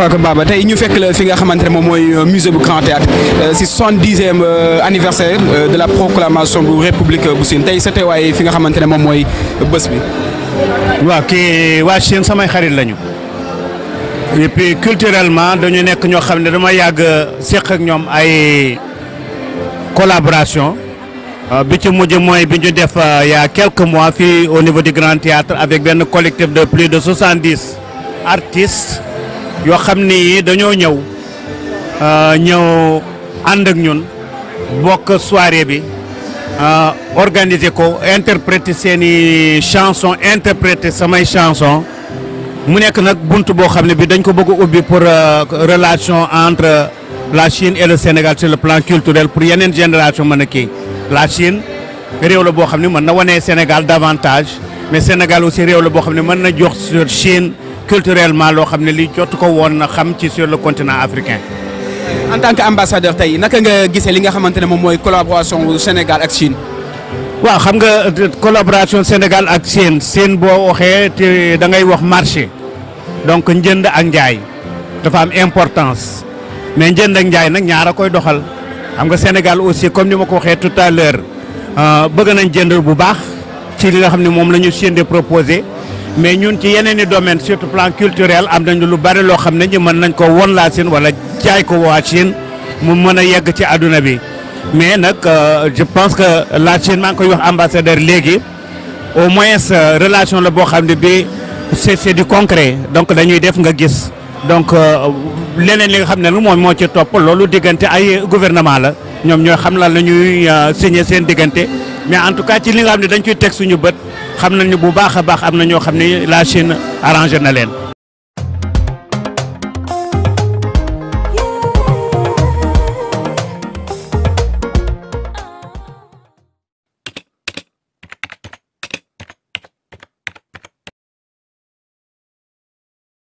Baba Baba tey ñu fekk la fi nga xamante ne moom euh, musée bu Grand Théâtre euh, si soixante-dixième euh, anniversaire de la proclamation de la république bu Sine tey sa teewaay fi nga xamante ne moom mooy bés bi. waaw kii waa Sine samay xarit lañu et puis culturellement dañu nekk ñoo xam ne dama yàgg seq ak ñoom ay collaboration bi ci mujj mooy bi ñu def il y a quelques mois fii au niveau du Grand Théâtre avec benn collectif de plus de soixante-dix artistes yo xamni dañu ñew ñëw euh, ñëw ànd ak ñun bokk soirée bi euh, organiser ko interpréter seeni chanson interpréter samay chanson mu nek nak buntu bo xamni bi dañ ko bëgg ubbi pour euh, relation entre la Chine et le Sénégal sur le plan culturel pour yenen génération mën la Chine réew la boo xam ne na wone Sénégal davantage mais Sénégal aussi réew la boo xam ne na jox sur Chine culturellement lo xamné li jot ko won na xam ci sur le continent africain. en tant qu'ambassadeur, tay tey naka nga gissé li nga xamantene mom moy collaboration au Sénégal ak Chine. wa xam nga euh, collaboration Sénégal ak Chine sen bo waxee te da ngay wax marché donc njënd ak njaay dafa am importance mais njënd ak n'y nak ñaara a koy doxal xam nga Sénégal aussi comme ni ma ko tout à l'heure euh, bëgg nañ jënd bu baax ci li nga xamné mom lañu de proposer mais ñun ci yeneen domaine surtout plan culturel am nañu lu bari loo xam ne ñu mën nañ ko won laa seen wala jaay ko waa Chine mu mën a yegg ci àdduna bi mais nag euh, je pense que la Chine maa ngi koy wax ambassadeur léegi au moins euh, relation la boo xam ne bi c'est c'est du concret donc dañuy def nga gis donc euh, leneen li nga xam ne lu moom moo ci topp loolu diggante ay gouvernement la ñoom ñoo xam lan la ñuy signé seen diggante mais en tout cas ci li nga xam ne dañ ciy teg suñu bët xamnañu bu baaxa baax amna ño xamni la Chine arrangé na len